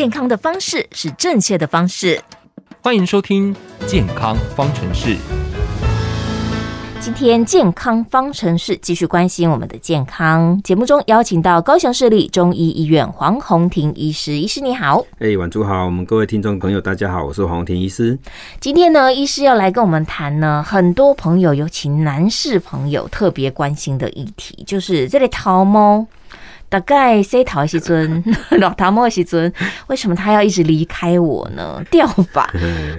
健康的方式是正確的方式。歡迎收聽《健康方程式》。今天《健康方程式》繼續關心我們的健康。節目中邀請到高雄市立中醫醫院黃宏庭醫師，醫師你好。哎，晚主好，我們各位聽眾朋友大家好，我是黃宏庭醫師。今天呢，醫師要來跟我們談呢，很多朋友，尤其男士朋友特別關心的議題，就是掉頭髮。大概西桃西尊老唐莫西尊？為什麼他要一直離開我呢？掉髮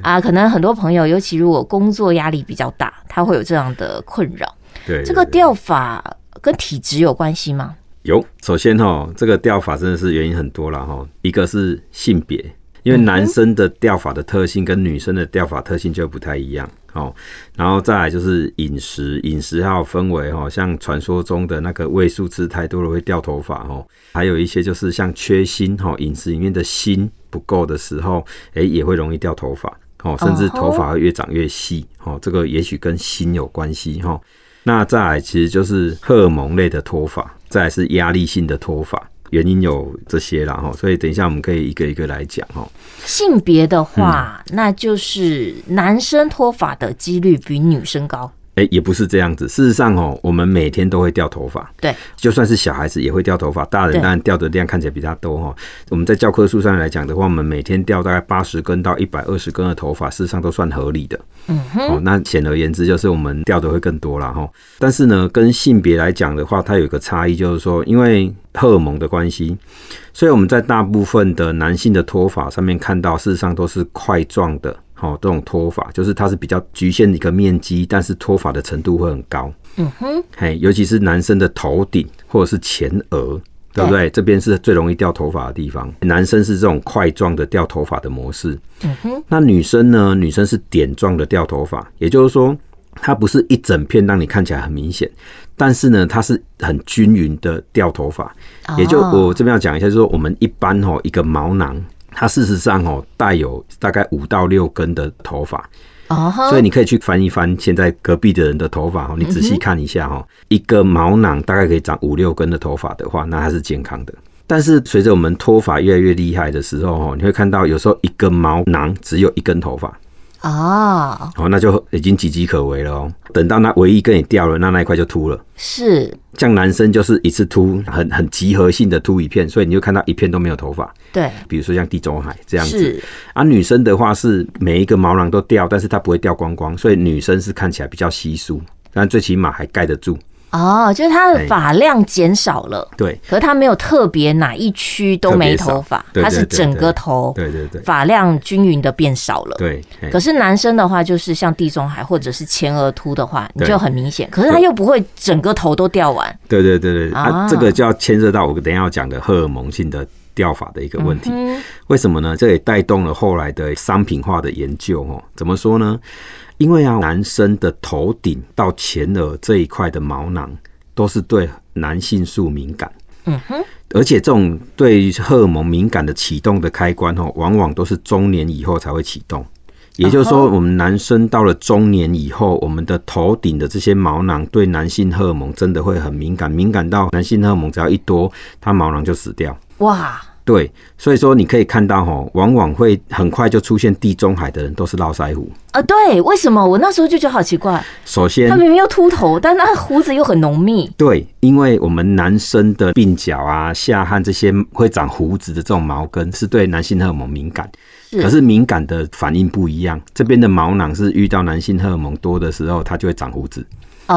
啊，可能很多朋友，尤其如果工作壓力比較大，他會有這樣的困擾。對，對，對，這個掉髮跟體質有關係嗎？有，首先哈、哦，這個掉髮真的是原因很多了哈。一個是性別，因為男生的掉髮的特性跟女生的掉髮特性就不太一樣。好，然後再來就是飲食，飲食還要分為哈，像傳說中的那個維生素太多了會掉頭髮哦，還有一些就是像缺鋅哈，飲食裡面的鋅不夠的時候，哎，也會容易掉頭髮哦，甚至頭髮會越長越細哦，oh. 這個也許跟鋅有關係哈。那再來其實就是荷爾蒙類的脫髮，再來是壓力性的脫髮。原因有這些啦，哈，所以等一下我們可以一個一個來講哈。性別的話，嗯，那就是男生脫髮的幾率比女生高。哎、欸，也不是這樣子。事實上、喔，哦，我們每天都會掉頭髮。對，就算是小孩子也會掉頭髮。大人當然掉的量看起來比較多哈、喔。對我們在教科書上來講的話，我們每天掉大概八十根到一百二十根的頭髮，事實上都算合理的。嗯哼。哦、喔，那簡而言之就是我們掉的會更多了哈、喔。但是呢，跟性別來講的話，它有一個差異，就是說因為荷爾蒙的關係，所以我們在大部分的男性的脫髮上面看到，事實上都是塊狀的。好、哦，這種脫髮就是它是比較侷限的一個面積，但是脫髮的程度會很高。嗯哼、uh-huh. 嘿，尤其是男生的頭頂或者是前額，Yeah. 對不對？這邊是最容易掉頭髮的地方。男生是這種塊狀的掉頭髮的模式。嗯哼、uh-huh. 那女生呢？女生是點狀的掉頭髮，也就是說，它不是一整片讓你看起來很明顯，但是呢，它是很均勻的掉頭髮。也就我這邊要講一下，就是說、oh. 我們一般吼、哦、一個毛囊。它事實上哦，帶有大概五到六根的頭髮，所以你可以去翻一翻現在隔壁的人的頭髮哦，你仔細看一下哦，一個毛囊大概可以長五六根的頭髮的話，那它是健康的。但是隨着我們脫髮越來越厲害的時候哦，你會看到有時候一個毛囊只有一根頭髮。哦，oh. 哦，那就已經岌岌可危了哦。等到那唯一一根也掉了，那那一塊就禿了。是，像男生就是一次禿很很集合性的禿一片，所以你就看到一片都沒有頭髮。對，比如說像地中海這樣子。是、啊，女生的話是每一個毛囊都掉，但是她不會掉光光，所以女生是看起來比較稀疏，但最起碼還蓋得住。哦，就是他的髮量減少了，對，可是他沒有特別哪一區都沒頭髮，對對對，他是整個頭髮對，對對對，髮量均勻的變少了，對。可是男生的話，就是像地中海或者是前額禿的話，你就很明顯。對可是他又不會整個頭都掉完，對對對對，啊，啊，這個就要牽涉到我等一下要講的荷爾蒙性的掉髮的一個問題，嗯、哼為什麼呢？這也帶動了後來的商品化的研究哦。怎麼說呢？因為啊，男生的頭頂到前額這一塊的毛囊都是對男性素敏感，嗯哼，而且這種對荷爾蒙敏感的啟動的開關吼、哦，往往都是中年以後才會啟動。也就是說，我們男生到了中年以後，uh huh. 我們的頭頂的這些毛囊對男性荷爾蒙真的會很敏感，敏感到男性荷爾蒙只要一多，他毛囊就死掉。哇！對，所以說你可以看到、哦、往往會很快就出現地中海的人都是絡腮鬍啊。對，為什麼我那時候就覺得好奇怪？首先，他明明又禿頭，但他鬍子又很濃密。對，因為我們男生的鬢角啊、下頜這些會長鬍子的這種毛根，是對男性荷爾蒙敏感，可是敏感的反應不一樣。這邊的毛囊是遇到男性荷爾蒙多的時候，它就會長鬍子。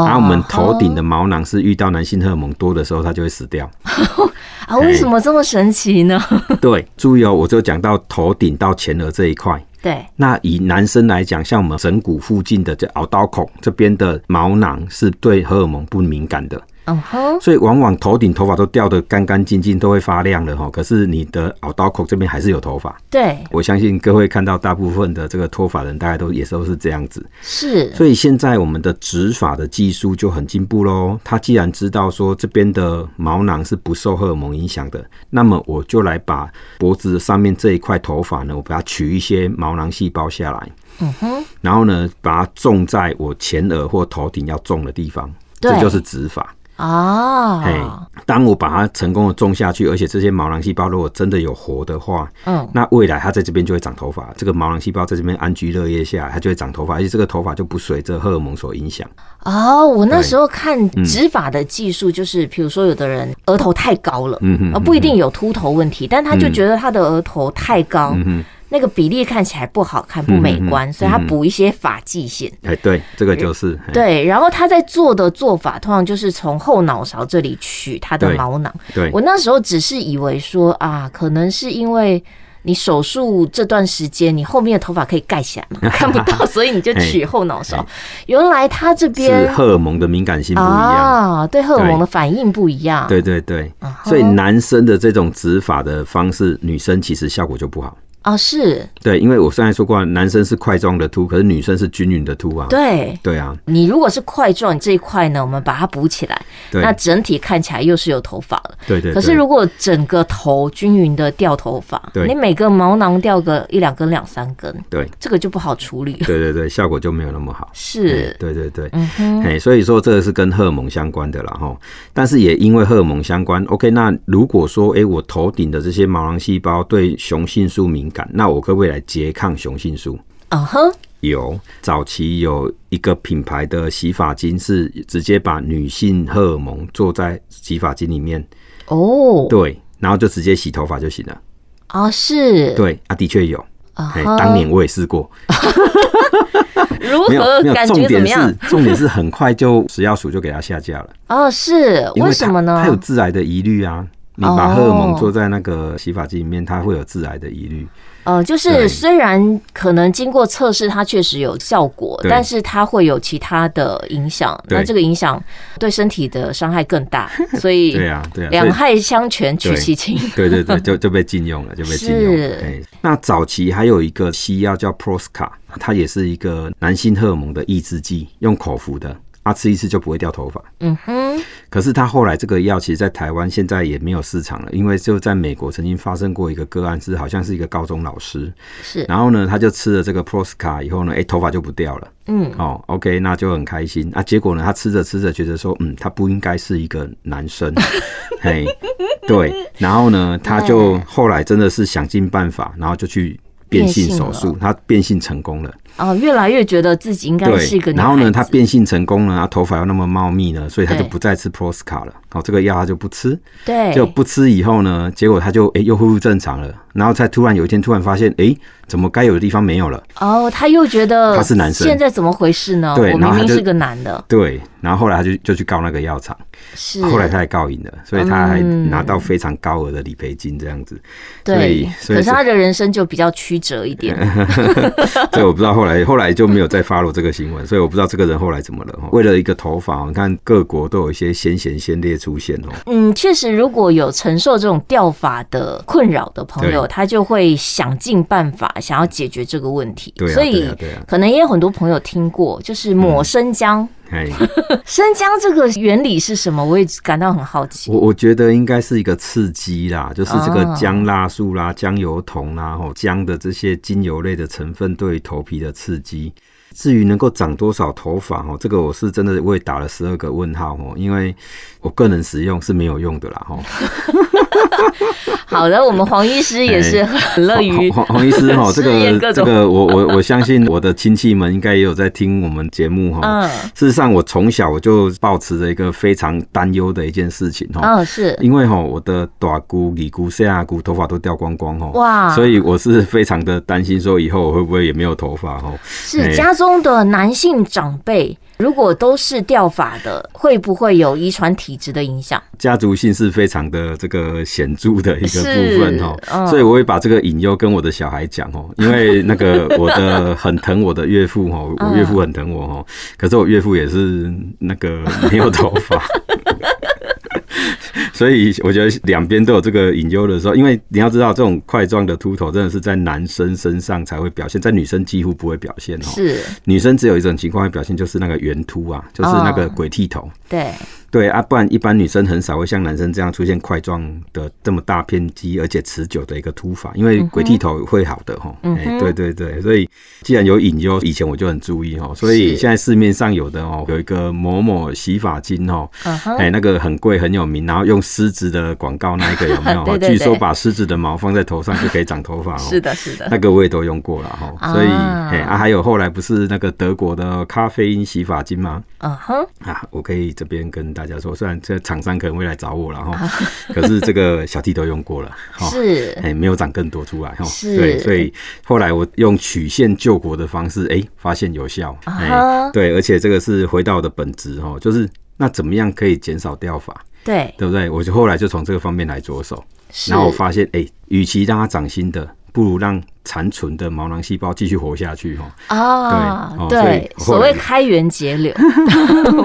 然後、啊、我們頭頂的毛囊是遇到男性荷爾蒙多的時候，它就會死掉。 啊，為什麼這麼神奇呢？ 對，注意哦，我就講到頭頂到前額這一塊。對，那以男生來講，像我們枕骨附近的這凹刀孔這邊的毛囊是對荷爾蒙不敏感的。哦吼，所以往往頭頂頭髮都掉得乾乾淨淨，都會發亮了。可是你的耳刀口這邊還是有頭髮。對，我相信各位看到大部分的這個脫髮人，大概都也是都是這樣子。是。所以現在我們的植髮的技術就很進步嘍。他既然知道說這邊的毛囊是不受荷爾蒙影響的，那麼我就來把脖子上面這一塊頭髮呢，我把它取一些毛囊細胞下來。嗯哼。然後呢，把它種在我前額或頭頂要種的地方。對。這就是植髮。哦，hey, 當我把它成功的種下去，而且這些毛囊細胞如果真的有活的話，嗯，那未來它在這邊就會長頭髮。這個毛囊細胞在這邊安居樂業下，它就會長頭髮，而且這個頭髮就不隨着荷爾蒙所影響。哦，我那時候看植髮的技術，就是對、嗯、比如說有的人額頭太高了，嗯嗯，啊不一定有禿頭問題，嗯、哼但他就覺得他的額頭太高。嗯那個比例看起來不好看，不美觀，嗯哼嗯哼，所以他補一些髮際線。哎，對，這個就是、哎、對。然後他在做的做法，通常就是從後腦勺這裡取他的毛囊。對，我那時候只是以為說啊，可能是因為你手術這段時間，你後面的頭髮可以蓋起來嘛， 看不到，所以你就取後腦勺。哎哎、原來他這邊是荷爾蒙的敏感性不一樣，啊、對荷爾蒙的反應不一樣。對對，對對對，uh huh、所以男生的這種植髮的方式，女生其實效果就不好。啊、哦，是對，因為我剛才說過，男生是塊狀的禿，可是女生是均勻的禿啊。對對啊，你如果是塊狀這一塊呢，我們把它補起來，對那整體看起來又是有頭髮了。對，對對。可是如果整個頭均勻的掉頭髮，對你每個毛囊掉個一兩根、兩三根，對，這個就不好處理。對對對，效果就沒有那麼好。是。對對對。嗯哼。哎，所以說這個是跟荷爾蒙相關的了哈，但是也因為荷爾蒙相關。OK，那如果說哎、欸，我頭頂的這些毛囊細胞對雄性素敏。那我可不可以來拮抗雄性素？哦、uh，哼、huh.，有早期有一個品牌的洗髮精是直接把女性荷爾蒙做在洗髮精裡面哦，oh. 對，然後就直接洗頭髮就行了。哦、uh，是、huh.，對，啊，的確有啊。Uh huh. 當年我也試過， 如何？感覺怎麼樣？重點是重點是很快就食藥署就給它下架了。哦、uh，是、huh.，為什麼呢？它有致癌的疑慮啊。你把荷爾蒙做在那個洗髮劑裡面，oh, 它會有致癌的疑慮。呃，就是雖然可能經過測試，它確實有效果，對但是它會有其他的影響。對那這個影響對身體的傷害更大，對所以 對啊，對啊，兩害相權取其輕，對對對，就就被禁用了，就被禁用了。是對，那早期還有一個西藥叫 Proscar，它也是一個男性荷爾蒙的抑制劑，用口服的。他、啊、吃一次就不會掉頭髮。嗯哼。可是他後來這個藥，其實在台灣現在也沒有市場了，因為就在美國曾經發生過一個個案，是好像是一個高中老師。是。然後呢，他就吃了這個 Proscar 以後呢，誒、欸，頭髮就不掉了。嗯。哦，OK，那就很開心。啊，結果呢，他吃着吃着，覺得說，嗯，他不應該是一個男生。嘿。 hey, 對。然後呢，他就後來真的是想盡辦法，然後就去變性手術，變他變性成功了。哦，越來越覺得自己應該是一個，然後呢，他變性成功了，然後頭髮又那麼茂密了，所以他就不再吃普羅斯卡了，哦對、喔，這個藥他就不吃，對，就不吃以後呢，結果他就哎、欸、又恢復正常了，然後才突然有一天突然發現哎、欸，怎麼該有的地方沒有了？哦，他又覺得他是男生，現在怎麼回事呢？對，然後我明明是個男的，對，然後後來他就就去告那個藥廠，是、啊、後來他還告贏了，所以他還拿到非常高額的理賠金，這樣子，對，所以所以是可是他的人生就比較曲折一點， 所以我不知道後。來，後來就沒有再 follow 這個新聞，嗯、所以我不知道這個人後來怎麼了。為了一個頭髮，你看各國都有一些先賢先烈出現哦。嗯，確實，如果有承受這種掉髮的困擾的朋友，對他就會想盡辦法想要解決這個問題。對啊、所以，可能也有很多朋友聽過，就是抹生薑。嗯 生薑這個原理是什麼？我也感到很好奇。我我覺得應該是一個刺激啦，就是這個薑辣素啦、啊、薑油酮啦、啊、吼、喔，薑的這些精油類的成分對頭皮的刺激。至於能夠長多少頭髮哦、喔，這個我是真的我也打了十二個問號哦、喔，因為我個人使用是沒有用的啦哈。喔 好的，我們黃醫師也是很樂於、欸、黃黃，黃，黃醫師哈，這個 各這個我我我相信我的親戚們應該也有在聽我們節目哈。嗯，事實上我從小我就抱持着一個非常擔憂的一件事情哈。嗯，是，因為哈我的大姑、二姑、三姑頭髮都掉光光哈。哇，所以我是非常的擔心說以後我會不會也沒有頭髮哈。是、欸、家中的男性長輩如果都是掉髮的，會不會有遺傳體質的影響？家族性是非常的這個顯著的一個部分哦，所以我會把這個隱憂跟我的小孩講哦，因為那個我的很疼我的岳父哦，我岳父很疼我哦，可是我岳父也是那個沒有頭髮。 所以我覺得兩邊都有這個隱憂的時候，因為你要知道，這種塊狀的禿頭真的是在男生身上才會表現，在女生幾乎不會表現哦。是，女生只有一種情況會表現，就是那個圓禿啊，就是那個鬼剃頭。對對啊，不然一般女生很少會像男生這樣出現塊狀的這麼大片肌，而且持久的一個禿髮。因為鬼剃頭會好的哈。嗯，對對對，所以既然有隱憂，以前我就很注意哦。所以現在市面上有的哦，有一個某某洗髮精哦，哎，那個很貴。很有名，然後用獅子的廣告那一個有沒有？ 對對對，據說把獅子的毛放在頭上就可以長頭髮哦。 是的，是的，那個我也都用過了哈。啊、所以哎、啊，還有後來不是那個德國的咖啡因洗髮精嗎？嗯哼、uh huh. 啊，我可以這邊跟大家說，雖然這廠商可能會來找我了哈，uh huh. 可是這個小弟都用過了， 哦、是哎，沒有長更多出來哈。哦、是對，所以後來我用曲線救國的方式，哎，發現有效，uh huh. 哎，對，而且這個是回到我的本質哦，就是那怎麼樣可以減少掉髮？對對不對？我就後來就從這個方面來着手，是然後我發現，哎、欸，與其讓他長新的，不如讓。殘存的毛囊細胞繼續活下去哦。啊對，所謂開源節流，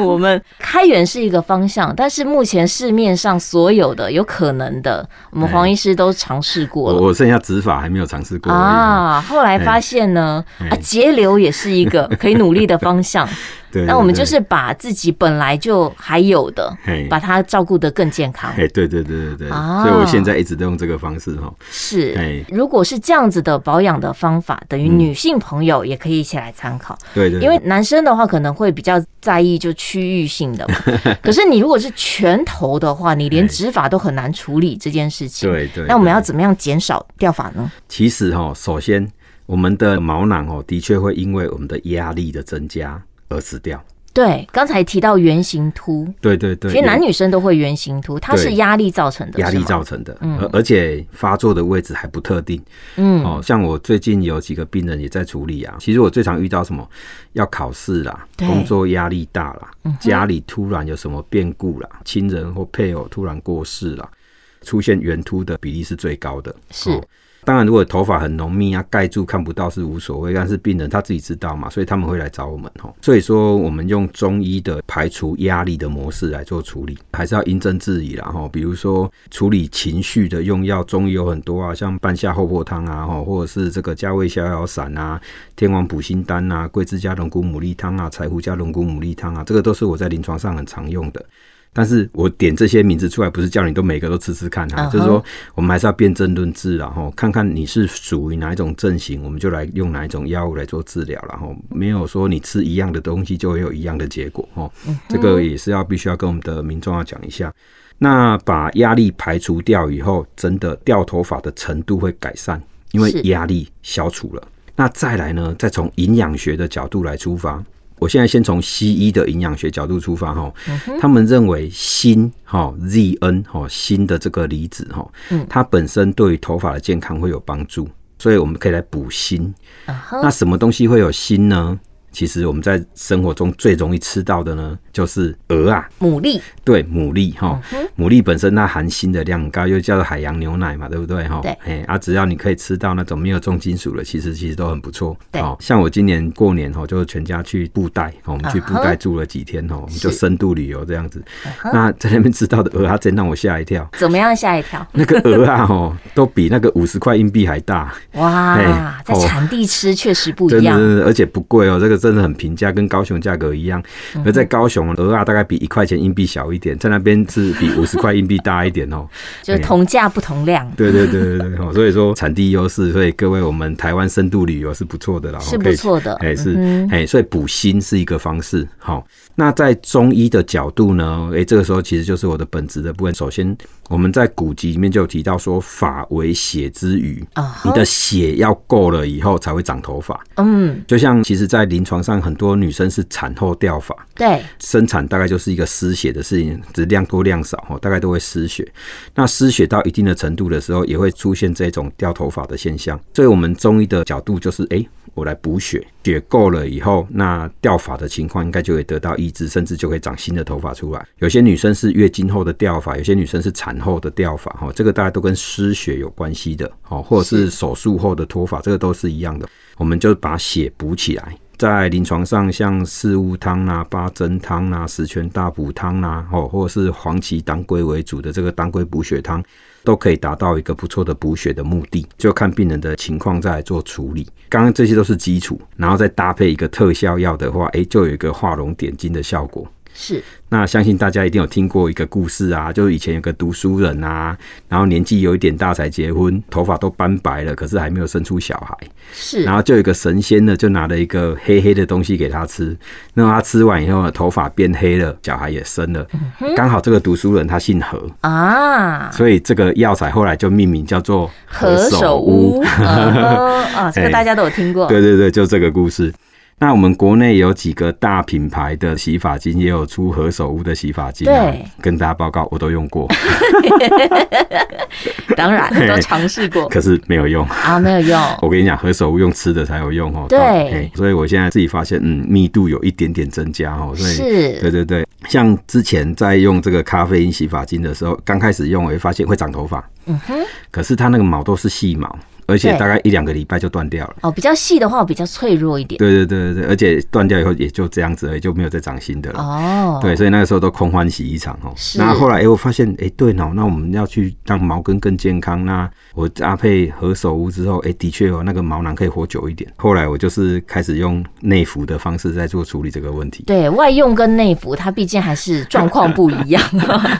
我們開源是一個方向，但是目前市面上所有的有可能的，我們黃醫師都嘗試過了。我剩下植髮還沒有嘗試過啊。後來發現呢，啊節流也是一個可以努力的方向。那我們就是把自己本來就還有的，把它照顧得更健康。哎，對對對對對，所以我現在一直都用這個方式哈。是，如果是這樣子的。保養的方法，等於女性朋友也可以一起來參考。嗯、對，對，對，因為男生的話可能會比較在意就區域性的， 可是你如果是全頭的話，你連植髮都很難處理這件事情。對，對對，那我們要怎麼樣減少掉髮呢？其實哈、哦，首先我們的毛囊哦，的確會因為我們的壓力的增加而死掉。對，剛才提到圓形禿，對對對，其實男女生都會圓形禿，有它是壓力造成的，壓力造成的，嗯，而且發作的位置還不特定，嗯，哦，像我最近有幾個病人也在處理啊，其實我最常遇到什麼，要考試啦，對工作壓力大啦，嗯哼，家裡突然有什麼變故啦，親人或配偶突然過世啦，出現圓禿的比例是最高的，是。哦當然，如果頭髮很濃密啊，蓋住看不到是無所謂。但是病人他自己知道嘛，所以他們會來找我們。所以說，我們用中醫的排除壓力的模式來做處理，還是要因症治宜啦吼。比如說處理情緒的用藥，中醫有很多啊，像半夏厚朴湯啊，或者是這個加味逍遙散啊、天王補心丹啊、桂枝加龍骨牡蠣湯啊、柴胡加龍骨牡蠣湯啊，這個都是我在臨床上很常用的。但是我點這些名字出來，不是叫你都每個都吃吃看，哈，oh, 就是說我們還是要辨證論治，然後看看你是屬於哪一種症型，我們就來用哪一種藥物來做治療。然後沒有說你吃一樣的東西就會有一樣的結果，哈，這個也是要必須要跟我們的民眾要講一下。嗯、哼那把壓力排除掉以後，真的掉頭髮的程度會改善，因為壓力消除了。是那再來呢，再從營養學的角度來出發。我現在先從西醫的營養學角度出發，哈，他們認為鋅，哈，Zn，哈，鋅的這個離子，哈，它本身對於頭髮的健康會有幫助，所以我們可以來補鋅。那什麼東西會有鋅呢？其實我們在生活中最容易吃到的呢？就是蚵仔，牡蠣，對，牡蠣哈，牡蠣本身它含鋅的量很高，又叫做海洋牛奶嘛，對不對哈？對，哎，啊，只要你可以吃到那種沒有重金屬的，其實其實都很不錯。對，像我今年過年吼，就是全家去布袋，我們去布袋住了幾天吼，我們就深度旅遊這樣子。那在那邊吃到的蚵仔，它真讓我嚇一跳。怎麼樣嚇一跳？那個蚵仔吼，都比那個五十塊硬幣還大。哇，在產地吃確實不一樣，真的，而且不貴哦，這個真的很平價，跟高雄價格一樣。而在高雄。額大概比一塊錢硬幣小一點，在那邊是比五十塊硬幣大一點哦， 就是同價不同量。欸、對，對對對對，所以說產地優勢，所以各位，我們台灣深度旅遊是不錯的啦，是不錯的，哎、欸、是哎、嗯哼欸，所以補鋅是一個方式。好，那在中醫的角度呢？哎、欸，這個時候其實就是我的本職的部分。首先，我們在古籍裡面就有提到，說髮為血之餘，uh huh? 你的血要夠了以後才會長頭髮。嗯，就像其實，在臨床上很多女生是產後掉髮，對。生產大概就是一個失血的事情，只量多量少，哦、大概都會失血。那失血到一定的程度的時候，也會出現這種掉頭髮的現象。所以，我們中醫的角度就是，哎、欸，我來補血，血夠了以後，那掉髮的情況應該就會得到抑制，甚至就可以長新的頭髮出來。有些女生是月經後的掉髮，有些女生是產後的掉髮，哈、哦，這個大概都跟失血有關係的，哦，或者是手術後的脫髮，是這個都是一樣的。我們就把血補起來。在臨床上，像四物湯啊、八珍湯啊、十全大補湯啊，吼，或者是黃芪當歸為主的這個當歸補血湯，都可以達到一個不錯的補血的目的，就看病人的情況再來做處理。剛剛這些都是基礎，然後再搭配一個特效藥的話，誒、欸，就有一個畫龍點睛的效果。是，那相信大家一定有聽過一個故事啊，就是以前有個讀書人啊，然後年紀有一點大才結婚，頭髮都斑白了，可是還沒有生出小孩。是，然後就有一個神仙呢，就拿了一個黑黑的東西給他吃，那麼他吃完以後呢，頭髮變黑了，小孩也生了，嗯哼，剛好這個讀書人他姓何啊，所以這個藥材後來就命名叫做何首烏啊，這個大家都有聽過，對，對對對，就這個故事。那我們國內有幾個大品牌的洗髮精，也有出何首烏的洗髮精。對，跟大家報告，我都用過。 當然， 都嘗試過，可是沒有用啊，沒有用。 我跟你講，何首烏用吃的才有用哦、喔。對，對，所以我現在自己發現，嗯，密度有一點點增加哦、喔。所以是，對對對。像之前在用這個咖啡因洗髮精的時候，剛開始用我會發現會長頭髮。嗯哼。可是它那個毛都是細毛。而且大概一兩個禮拜就斷掉了哦。比較細的話，我比較脆弱一點。對對對對而且斷掉以後也就這樣子而已，也就沒有再長新的了。哦，對，所以那個時候都空歡喜一場哦。是那後來哎、欸，我發現哎、欸，對哦，那我們要去讓毛根更健康。那我搭配何首烏之後，哎、欸，的確哦、喔，那個毛囊可以活久一點。後來我就是開始用內服的方式在做處理這個問題。對，外用跟內服，它畢竟還是狀況不一樣。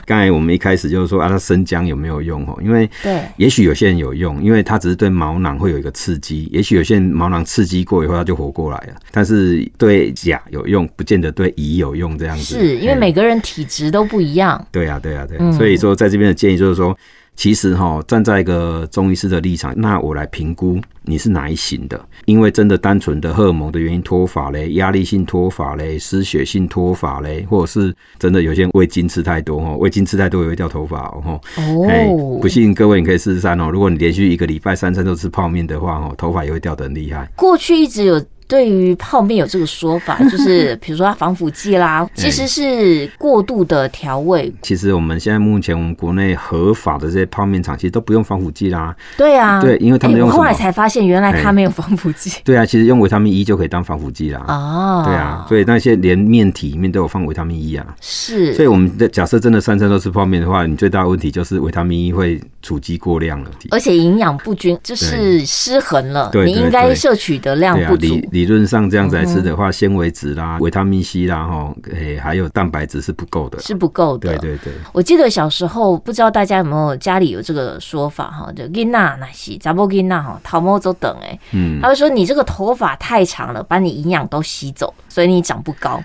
剛 才我們一開始就是說啊，它生薑有沒有用哦？因為對，也許有些人有用，因為它只是對毛。毛囊會有一個刺激，也許有些人毛囊刺激過以後，它就活過來了。但是對甲有用，不見得對乙有用。這樣子，是因為每個人體質都不一樣。對呀，對呀，啊，對、啊。對啊，嗯。所以說，在這邊的建議就是說。其實哈、哦，站在一個中醫師的立場，那我來評估你是哪一型的。因為真的單純的荷爾蒙的原因脫髮嘞，壓力性脫髮嘞，失血性脫髮嘞，或者是真的有些味精吃太多哈，味精吃太多也會掉頭髮哦哦，oh. hey, 不信各位你可以試試看哦，如果你連續一個禮拜三餐都吃泡麵的話哦，頭髮也會掉得很厲害。過去一直有。對於泡面有這個說法，就是比如說它防腐劑啦， 其實是過度的調味。其實我們現在目前我們國內合法的這些泡面廠，其實都不用防腐劑啦。對啊，對，因為他們用、欸、後來才發現原來它沒有防腐劑、欸。對啊，其實用維他命 E 就可以當防腐劑啦。啊，對啊，所以那些連面體裡面都有放維他命 E 啊，是。所以我們的假設真的三餐都是泡面的話，你最大的問題就是維他命 E 會蓄積過量了，而且營養不均，就是失衡了。對對對對對，你應該攝取的量不足。理論上這樣子來吃的話，纖維質啦、維、啊、他命 C 啦、啊，哈，誒，還有蛋白質是不夠的,、啊、的，是不夠的。對對對，我記得小時候不知道大家有沒有家裡有這個說法哈，就 Gina 那西，咱不 Gina 哈，頭毛走等誒，嗯，他會說你這個頭髮太長了，把你營養都吸走。所以你長不高，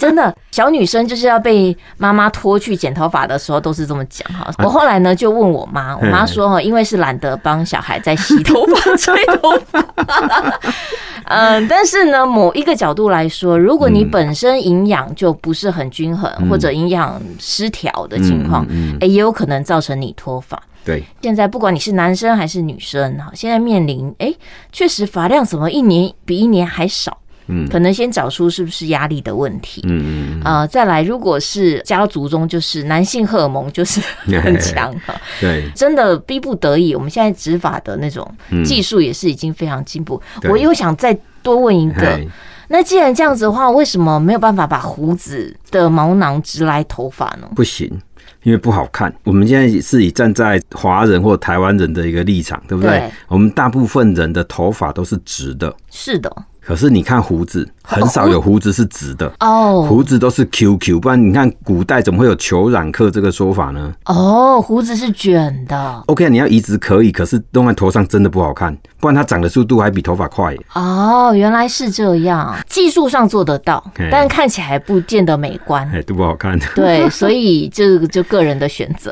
真的，小女生就是要被媽媽拖去剪頭髮的時候都是這麼講哈。我後來呢就問我媽，我媽說哈，因為是懶得幫小孩在洗頭髮、吹頭髮。嗯，但是呢，某一個角度來說，如果你本身營養就不是很均衡或者營養失調的情況，哎，也有可能造成你脫髮。對，現在不管你是男生還是女生哈，現在面臨哎，確實髮量怎麼一年比一年還少。可能先找出是不是壓力的問題，嗯嗯、呃、再來，如果是家族中就是男性荷爾蒙就是很強，對，真的逼不得已。我們現在植髮的那種技術也是已經非常進步。嗯、我又想再多問一個，對那既然這樣子的話，為什麼沒有辦法把鬍子的毛囊植來頭髮呢？不行，因為不好看。我們現在是以站在華人或台灣人的一個立場，對不對？對，我們大部分人的頭髮都是直的，是的。可是你看胡子，很少有鬍子是直的哦，胡、哦、子都是 Q Q，不然你看古代怎麼會有虯髯客這個說法呢？哦，胡子是卷的。O、okay, K，你要移植可以，可是弄在頭上真的不好看，不然它長的速度還比頭髮快。哦，原來是這樣，技術上做得到，嘿但看起來不見得美觀，都不好看。對，所以這個就個人的選擇。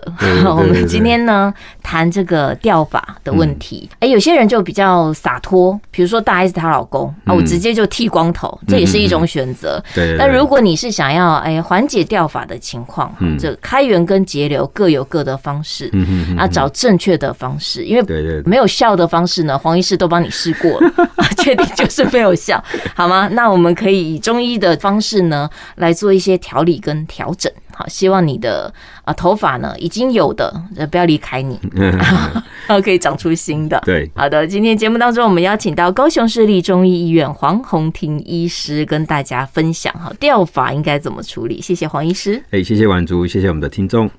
我們今天呢，談這個掉髮的問題。哎、嗯欸，有些人就比較灑脫，比如說大 S 她老公、嗯直接就剃光頭，這也是一種選擇。嗯、對，對，對，但如果你是想要哎緩解掉髮的情況，就、嗯、開源跟節流各有各的方式、嗯嗯、啊，找正確的方式，因為沒有效的方式呢，黃醫師都幫你試過了，對，對，對，確定就是沒有效， 好嗎？那我們可以以中醫的方式呢來做一些調理跟調整。好，希望你的啊頭髮呢，已經有的不要離開你，然後 可以長出新的。對，好的，今天節目當中，我們邀請到高雄市立中醫醫院黃宏庭醫師跟大家分享哈，掉髮應該怎麼處理？謝謝黃醫師，哎，謝謝晚足，謝謝我們的聽眾。